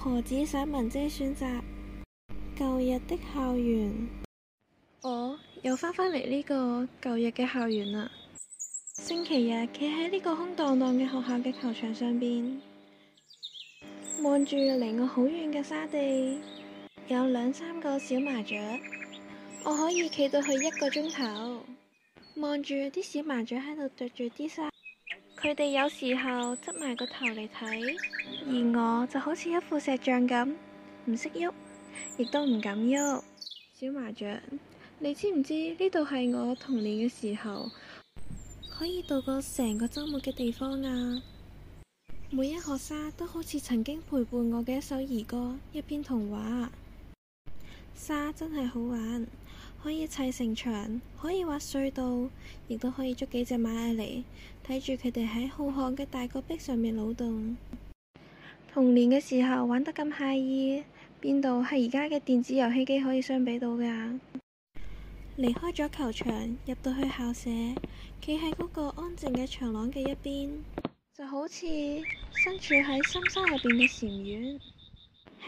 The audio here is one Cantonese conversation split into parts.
何紫散文精選集舊、哦、舊日的校園。我又返返嚟呢個舊日嘅校園啦。星期日，企喺呢個空蕩蕩嘅學校嘅球場上邊，望住離我好遠嘅沙地，有兩三個小麻雀，我可以企到去一個鐘頭，望住啲小麻雀喺度啄住啲沙。佢哋有時候執埋個頭嚟睇，而我就好似一副石像咁，唔識喐，亦都唔敢喐。小麻雀，你知唔知呢度係我童年嘅時候，可以度過成個周末嘅地方啊？每一學生都好似曾經陪伴我嘅一首兒歌，一篇童話。沙真係好玩，可以砌城牆，可以挖隧道，亦都可以捉幾隻螞蟻嚟，睇住佢哋喺浩瀚嘅大個壁上面扭動。童年嘅時候玩得咁寫意，邊度係而家嘅電子遊戲機可以相比到㗎？離開咗球場，入到去校舍，企喺嗰個安靜嘅長廊嘅一邊，就好似身處喺深山入邊嘅禪院。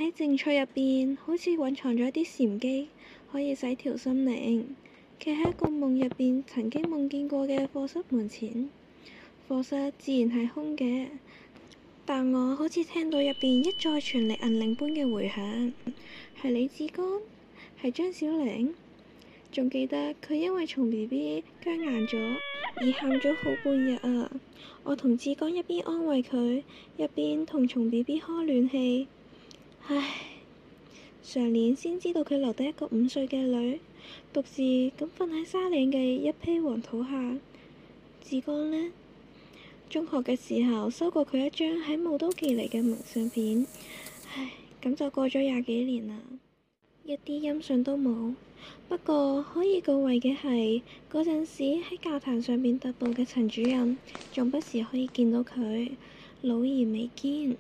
喺靜趣入邊，好似隱藏咗啲禪機，可以洗滌心靈。企喺一個夢入邊，曾經夢見過嘅課室門前，課室自然係空嘅，但我好似聽到入邊一再傳嚟銀鈴般嘅回響。係李志剛，係張小玲，仲記得佢因為蟲 B B 僵硬咗而喊咗好半日啊。我同志剛一邊安慰佢，一邊同蟲 B B 開暖氣。唉，上年先知道佢留低一個五歲嘅女，獨自咁瞓喺沙嶺嘅一抔黃土下。志剛呢，中學嘅時候收過佢一張喺霧都寄嚟嘅明信片，唉，咁就過咗廿幾年啦，一啲音信都冇。不過可以告慰嘅係，嗰陣時喺教壇上面突破嘅陳主任，仲不時可以見到佢，老而彌堅。